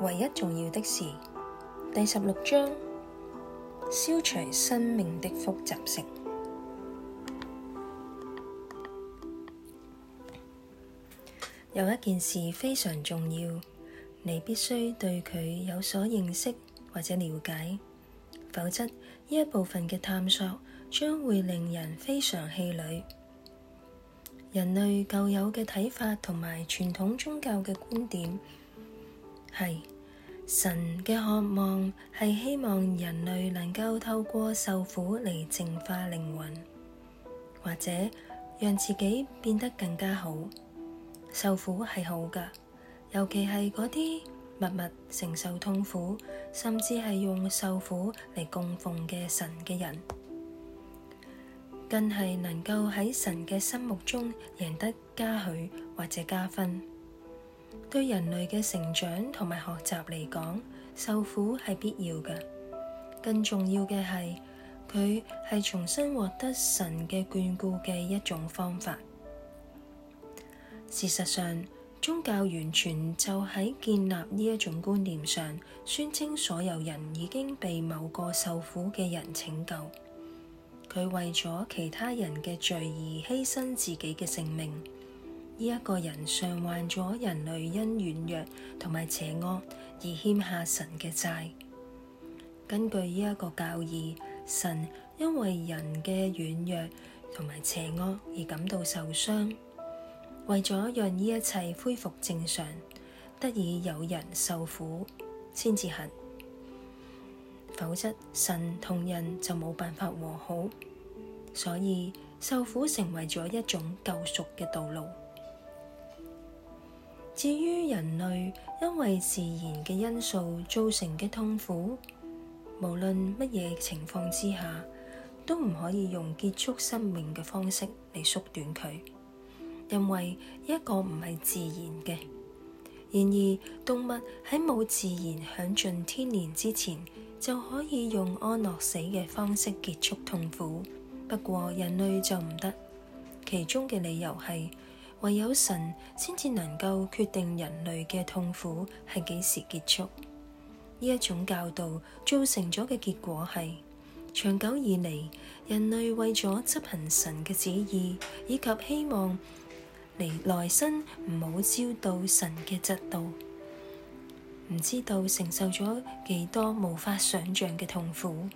唯一重要的事，第十六章：消除生命的複雜性。有一件事非常重要，你必須對佢有所認識或者了解，否則呢一部分嘅探索將會令人非常氣餒。人類舊有嘅睇法同埋傳統宗教嘅觀點，係神嘅渴望係希望人類能夠透過受苦嚟淨化靈魂，或者讓自己變得更加好。受苦係好㗎，尤其係嗰啲默默承受痛苦，甚至係用受苦嚟供奉嘅神嘅人。更係能夠喺神嘅心目中贏得加許或者加分，對人類嘅成長同埋學習嚟講，受苦係必要嘅。更重要嘅係，佢係重新獲得神嘅眷顧嘅一種方法。事實上，宗教完全就喺建立呢一種觀念上，宣稱所有人已經被某個受苦嘅人拯救。佢為咗其他人嘅罪而犧牲自己嘅性命，呢一個人償還咗人類因軟弱同埋邪惡而欠下神嘅債。根據呢一個教義，神因為人嘅軟弱同埋邪惡而感到受傷，為咗讓呢一切恢復正常，得以有人受苦，先至行。否則神同人就冇辦法和好，所以受苦成為咗一種救贖嘅道路。至於人類因為自然嘅因素造成嘅痛苦，無論乜嘢情況之下，都唔可以用結束生命嘅方式嚟縮短佢，因為一個唔係自然嘅。然而，動物喺冇自然享盡天年之前，就可以用安樂死嘅方式結束痛苦。不過，人類就唔得。其中嘅理由係，唯有神先至能夠決定人類嘅痛苦係幾時結束。呢一種教導造成咗嘅結果係，長久以嚟，人類為咗執行神嘅旨意，以及希望。嚟，內心唔好遭到神嘅責度，唔知道承受咗幾多無法想象嘅痛苦。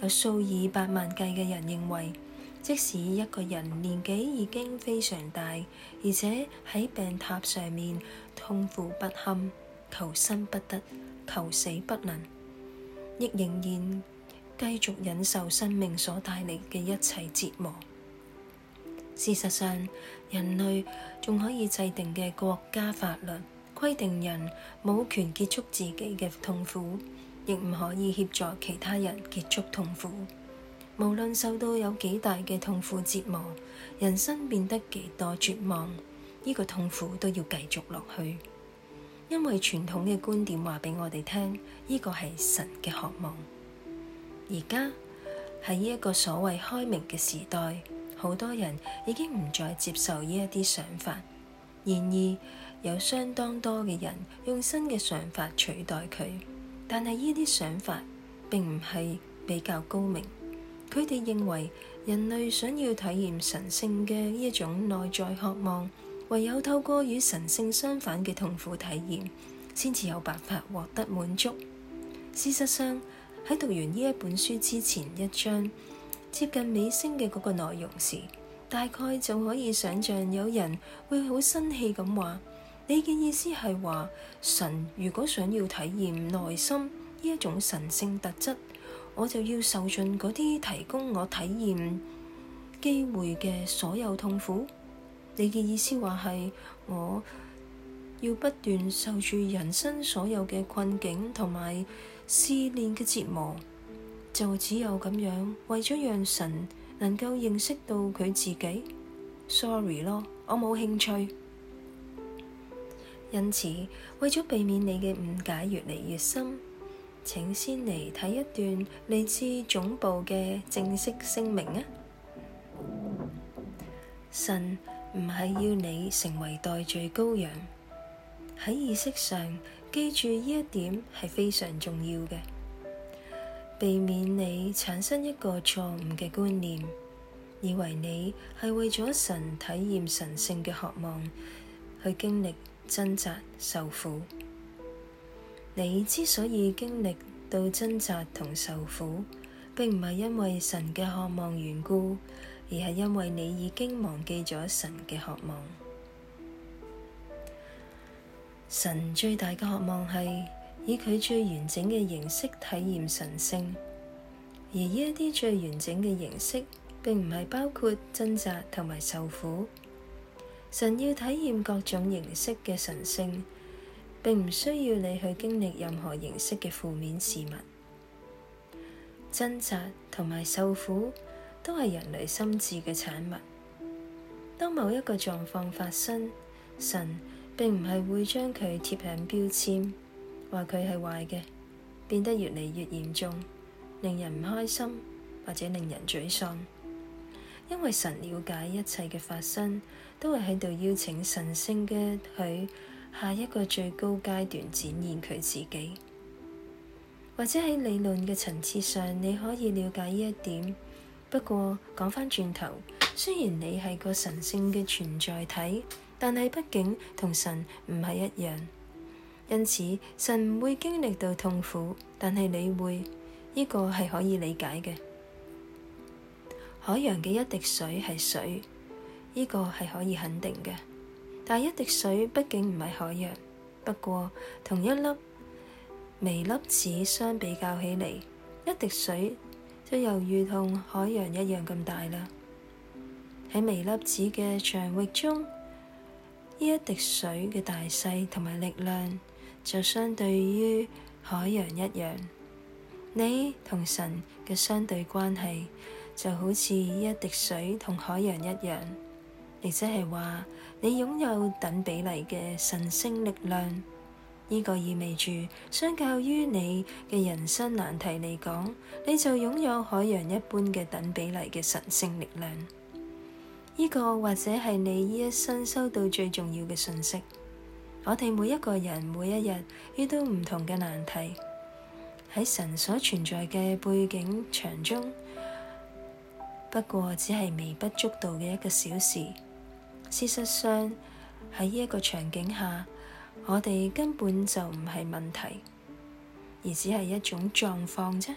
有數以百萬計嘅人認為，即使一個人年紀已經非常大，而且喺病榻上面痛苦不堪、求生不得、求死不能，亦仍然繼續忍受生命所帶嚟嘅一切折磨。事實上，人類仲可以制定嘅國家法律，規定人冇權結束自己嘅痛苦，亦唔可以協助其他人結束痛苦。無論受到有幾大嘅痛苦折磨，人生變得幾多絕望，呢個痛苦都要繼續落去，因為傳統嘅觀點話畀我哋聽，呢個係神嘅渴望。而家喺呢一個所謂開明嘅時代。好多人已經唔再接受呢一啲想法，然而有相當多嘅人用新嘅想法取代佢，但係呢啲想法並唔係比較高明。佢哋認為人類想要體驗神聖嘅呢一種內在渴望，唯有透過與神聖相反嘅痛苦體驗，先至有辦法獲得滿足。事實上，喺讀完呢一本書之前一章。接近尾聲嘅嗰個內容時，大概就可以想象有人會好生氣咁話：你嘅意思係話神如果想要體驗內心呢一種神性特質，我就要受盡嗰啲提供我體驗機會嘅所有痛苦？你嘅意思話係我要不斷受住人生所有嘅困境同埋思念嘅折磨？就只有咁樣，為咗讓神能夠認識到佢自己，Sorry 咯，我冇興趣。因此，為咗避免你嘅誤解越嚟越深，請先嚟睇一段嚟自總部嘅正式聲明啊！神唔係要你成為代罪羔羊，喺意識上記住呢一點係非常重要嘅。避免你產生一個錯誤嘅觀念，以為你係為咗神體驗神性嘅渴望去經歷掙扎受苦。你之所以經歷到掙扎同受苦，並唔係因為神嘅渴望緣故，而係因為你已經忘記咗神嘅渴望。神最大嘅渴望係。以佢最完整嘅形式體驗神性，而呢一啲最完整嘅形式，並唔係包括掙扎同埋受苦。神要體驗各種形式嘅神性，並唔需要你去經歷任何形式嘅負面事物。掙扎同埋受苦都係人類心智嘅產物。當某一個狀況發生，神並唔係會將佢貼上標籤。話佢係壞嘅，變得越嚟越嚴重，令人唔開心，或者令人沮喪。因為神了解一切嘅發生，都會喺度邀請神聖嘅佢下一個最高階段展現佢自己。或者喺理論嘅層次上，你可以了解呢一點。不過講返轉頭，雖然你係個神聖嘅存在體，但係畢竟同神唔係一樣。因此，神唔會經歷到痛苦，但係你會，呢個係可以理解嘅。海洋嘅一滴水係水，呢個係可以肯定嘅。但係一滴水畢竟唔係海洋，不過同一粒微粒子相比較起嚟，一滴水就猶如同海洋一樣咁大啦。喺微粒子嘅疆域中，呢一滴水嘅大細同埋力量。就相對於海洋一樣，你同神嘅相對關係就好似一滴水同海洋一樣，亦即係話你擁有等比例嘅神聖力量。呢個意味住，相較於你嘅人生難題嚟講，你就擁有海洋一般嘅等比例嘅神聖力量。呢個或者係你呢一生收到最重要嘅信息。我哋每一個人每一日遇到唔同嘅難題，喺神所存在嘅背景場中，不過只係微不足道嘅一個小事。事實上喺呢一個場景下，我哋根本就唔係問題，而只係一種狀況啫。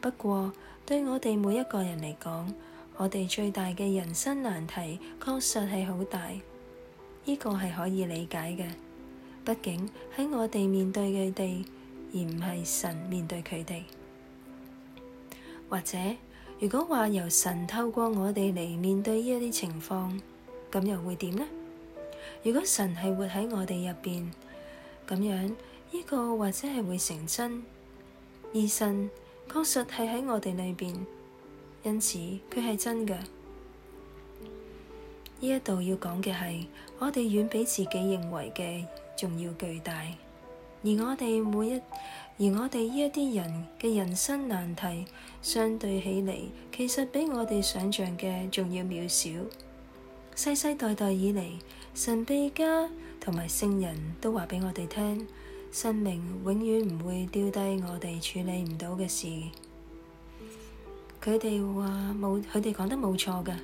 不過對我哋每一個人嚟講，我哋最大嘅人生難題確實係好大。呢個係可以理解嘅，畢竟喺我哋面對佢哋，而唔係神面對佢哋。或者，如果話由神透過我哋嚟面對呢一啲情況，咁又會點呢？如果神係活喺我哋入邊，咁樣呢個或者係會成真。而神確實係喺我哋裏邊，因此佢係真嘅。呢一度要講嘅係，我哋遠比自己認為嘅仲要巨大，而我哋每一，而我哋呢一啲人嘅人生難題，相對起嚟，其實比我哋想象嘅仲要渺小。世世代代以嚟，神秘家同埋聖人都話畀我哋聽，生命永遠唔會丟低我哋處理唔到嘅事。佢哋話冇，佢哋講得冇錯嘅。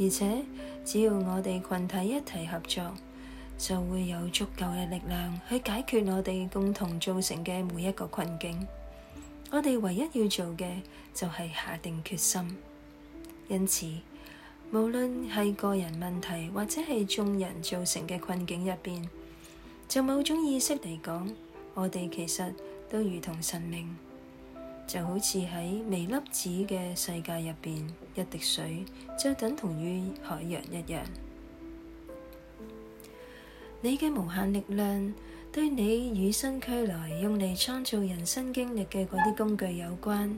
而且只要我哋群體一齊合作，就會有足夠嘅力量去解決我哋共同造成嘅每一個困境。我哋唯一要做嘅就係下定決心。因此，無論係個人問題或者係眾人造成嘅困境入邊，就某種意識嚟講，我哋其實都如同神明。就好似喺微粒子嘅世界入邊一滴水，就等同於海洋一樣。你嘅無限力量，對你與生俱來，用嚟創造人生經歷嘅嗰啲工具有關。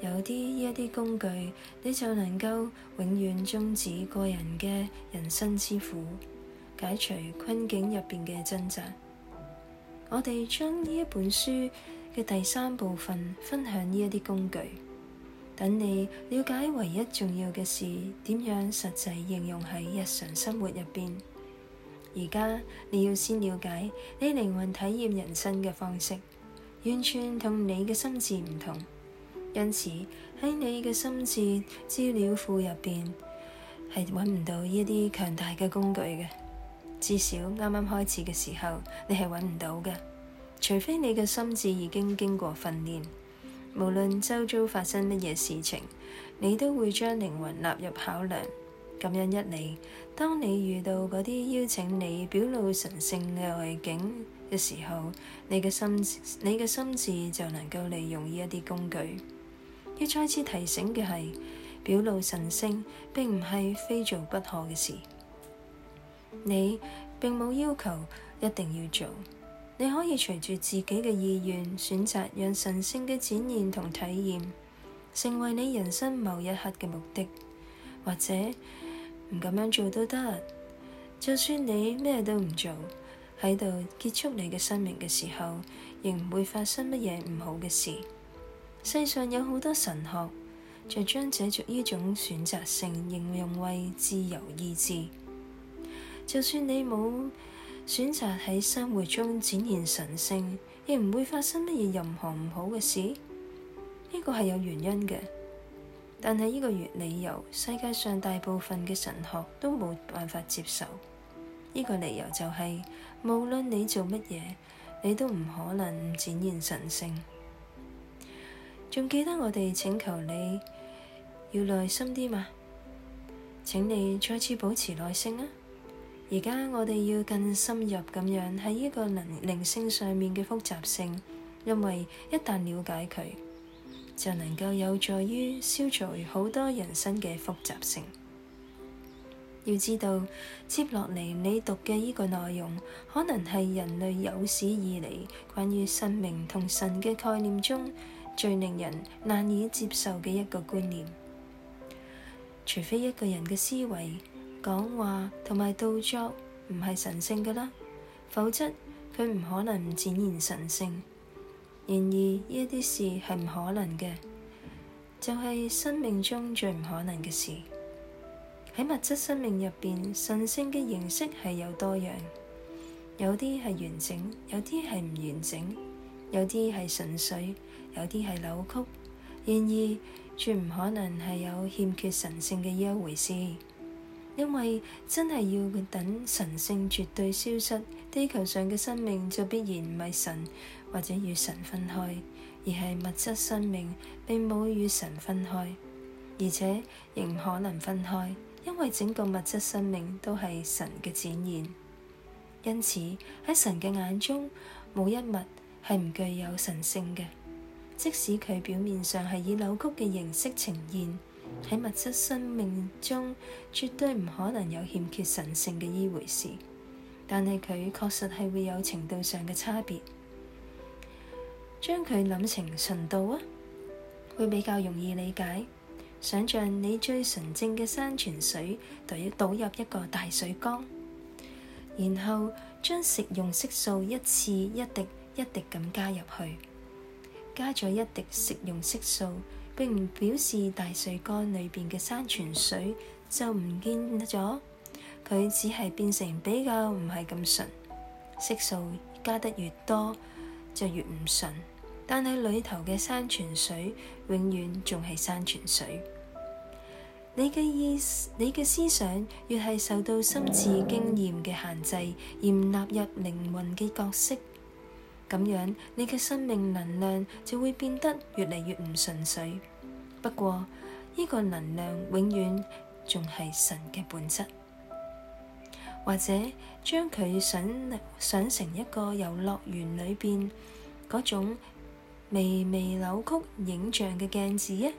有啲呢一啲工具，你就能夠永遠終止個人嘅人生之苦，解除困境入邊嘅掙扎。我哋將呢一本書嘅第三部分分享呢一啲工具，等你了解唯一重要嘅事點樣實際應用喺日常生活入邊。而家你要先了解你靈魂體驗人生嘅方式，完全同你嘅心智唔同，因此喺你嘅心智資料庫入邊係揾唔到呢一啲強大嘅工具嘅，至少啱啱開始嘅時候你係揾唔到嘅。除非你嘅心智已經經過訓練，無論周遭發生乜嘢事情，你都會將靈魂納入考量。咁樣一嚟，當你遇到嗰啲邀請你表露神聖嘅外景嘅時候，你嘅心，你嘅心智就能夠利用呢一啲工具。要再次提醒嘅係，表露神聖並唔係非做不可嘅事，你並冇要求一定要做。你可以隨住自己嘅意願選擇，讓神聖嘅展現同體驗成為你人生某一刻嘅目的，或者唔咁樣做都得。就算你咩都唔做，喺度結束你嘅生命嘅時候，亦唔會發生乜嘢唔好嘅事。世上有好多神學就將呢種選擇性形容為自由意志，就算你冇，選擇喺生活中展現神聖，亦唔會發生乜嘢任何唔好嘅事。呢個係有原因嘅，但係呢個理由，世界上大部分嘅神學都冇辦法接受。呢、這個理由就係、是，無論你做乜嘢，你都唔可能展現神聖。仲記得我哋請求你要耐心啲嘛？請你再次保持耐性啊！而家我哋要更深入咁樣喺呢個靈性上面嘅複雜性，因為一旦了解佢，就能夠有助於消除好多人生嘅複雜性。要知道，接落嚟你讀嘅呢個內容，可能係人類有史以嚟關於神明同神嘅概念中，最令人難以接受嘅一個觀念，除非一個人嘅思維。講話同埋動作唔係神聖㗎啦，否則佢唔可能唔展現神聖。然而呢一啲事係唔可能嘅，就係生命中最唔可能嘅事。喺物質生命入邊，神聖嘅形式係有多樣，有啲係完整，有啲係唔完整，有啲係純粹，有啲係扭曲。然而，絕唔可能係有欠缺神聖嘅呢一回事。因為真係要等神性絕對消失，地球上嘅生命就必然唔係神或者與神分開，而係物質生命並冇與神分開，而且仍唔可能分開，因為整個物質生命都係神嘅展現。因此喺神嘅眼中，冇一物係唔具有神性嘅，即使佢表面上係以扭曲嘅形式呈現。喺物質生命中，絕對唔可能有欠缺神聖嘅呢回事。但係佢確實係會有程度上嘅差別。將佢諗成純度啊，會比較容易理解。想象你最純正嘅山泉水，就要倒入一個大水缸，然後將食用色素一次一滴一滴咁加入去，加咗一滴食用色素，並唔表示大水缸裏邊嘅山泉水就唔見咗，佢只係變成比較唔係咁純，色素加得越多就越唔純，但係裏頭嘅山泉水永遠仲係山泉水。你嘅意思，你嘅思想越係受到心智經驗嘅限制，而唔納入靈魂嘅角色。咁樣，你嘅生命能量就會變得越嚟越唔純粹。不過，呢個能量永遠仲係神嘅本質。或者，將佢想想成一個遊樂園裏邊嗰種微微扭曲影像嘅鏡子啊，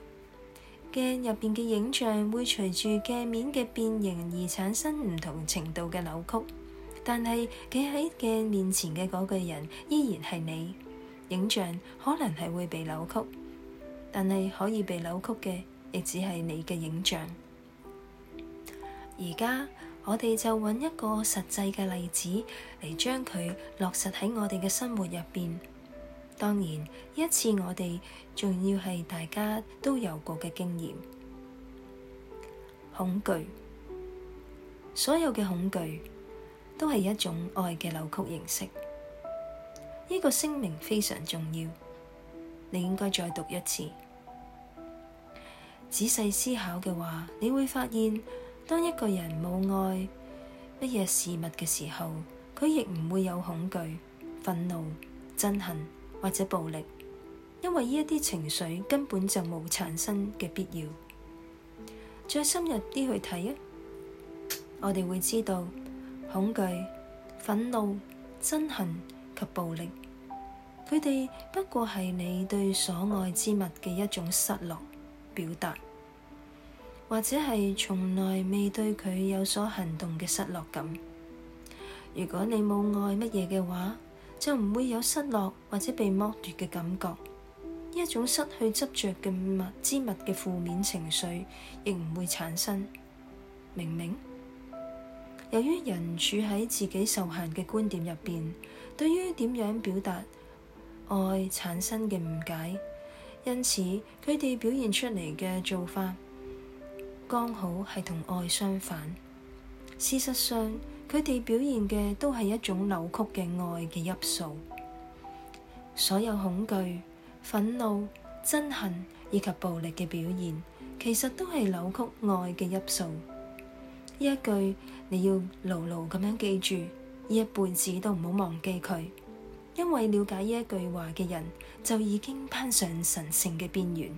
鏡入邊嘅影像會隨住鏡面嘅變形而產生唔同程度嘅扭曲。但係企喺鏡面前嘅嗰個人依然係你，影像可能係會被扭曲，但係可以被扭曲嘅亦只係你嘅影像。而家我哋就揾一個實際嘅例子嚟將佢落實喺我哋嘅生活入邊。當然，一次我哋仲要係大家都有過嘅經驗，恐懼，所有嘅恐懼。都係一種愛嘅扭曲形式。呢個聲明非常重要，你應該再讀一次。仔細思考嘅話，你會發現，當一個人冇愛乜嘢事物嘅時候，佢亦唔會有恐懼、憤怒、憎恨或者暴力，因為呢一啲情緒根本就冇產生嘅必要。再深入啲去睇啊，我哋會知道。恐懼、憤怒、憎恨及暴力，佢哋不過係你對所愛之物嘅一種失落表達，或者係從來未對佢有所行動嘅失落感。如果你冇愛乜嘢嘅話，就唔會有失落或者被剝奪嘅感覺，呢一種失去執着嘅物之物嘅負面情緒亦唔會產生。明唔明？由於人處喺自己受限嘅觀點入邊，對於點樣表達愛產生嘅誤解，因此佢哋表現出嚟嘅做法，剛好係同愛相反。事實上，佢哋表現嘅都係一種扭曲嘅愛嘅因素。所有恐懼、憤怒、憎恨以及暴力嘅表現，其實都係扭曲愛嘅因素。呢一句你要牢牢咁樣記住，呢一輩子都唔好忘記佢，因為了解呢一句話嘅人就已經攀上神聖嘅邊緣。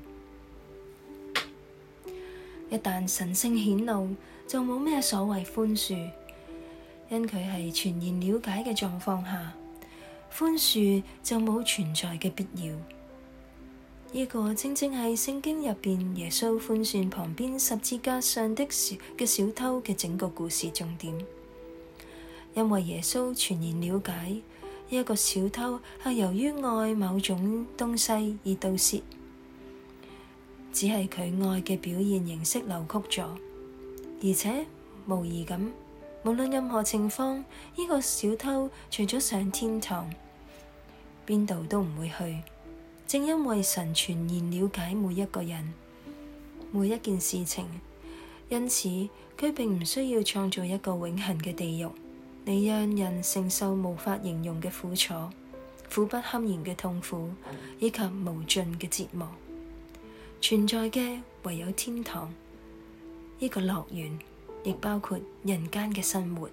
一旦神聖顯露，就冇咩所謂寬恕，因佢係全然了解嘅狀況下，寬恕就冇存在嘅必要。呢個正正係聖經入邊耶穌寬恕旁邊十字架上的小嘅小偷嘅整個故事重點，因為耶穌全然了解一個小偷係由於愛某種東西而盜竊，只係佢愛嘅表現形式扭曲咗，而且無疑咁，無論任何情況，呢個小偷除咗上天堂，邊度都唔會去。正因為神全然了解每一個人，每一件事情，因此，佢並唔需要創造一個永恒嘅地獄，你讓人承受無法形容嘅苦楚、苦不堪言嘅痛苦，以及無盡嘅折磨。存在嘅唯有天堂，呢個樂園亦包括人間嘅生活。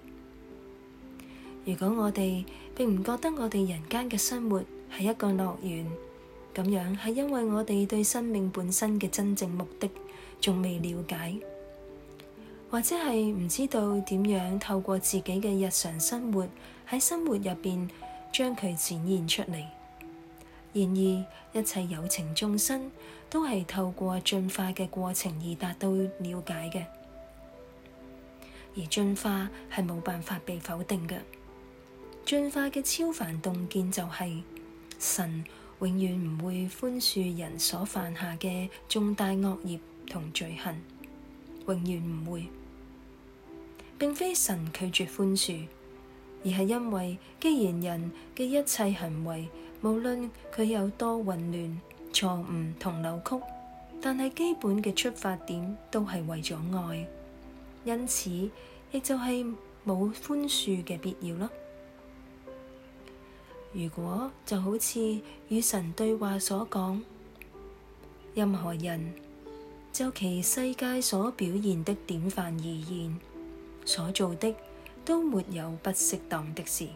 如果我哋並唔覺得我哋人間嘅生活係一個樂園。咁樣係因為我哋對生命本身嘅真正目的仲未了解，或者係唔知道點樣透過自己嘅日常生活喺生活入邊將佢展現出嚟。然而，一切有情眾生都係透過進化嘅過程而達到了解嘅，而進化係冇辦法被否定嘅。進化嘅超凡洞見就係神。永遠唔會寬恕人所犯下嘅重大惡業同罪行，永遠唔會。並非神拒絕寬恕，而係因為既然人嘅一切行為，無論佢有多混亂、錯誤同扭曲，但係基本嘅出發點都係為咗愛，因此亦就係冇寬恕嘅必要咯。如果就好似與神對話所講，任何人就其世界所表現的典範而言，所做的都沒有不適當的事。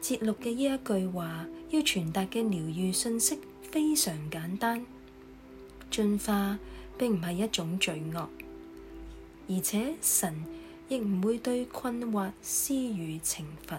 節錄嘅呢一句話要傳達嘅療癒信息非常簡單，進化並唔係一種罪惡，而且神亦唔會對困惑施予懲罰。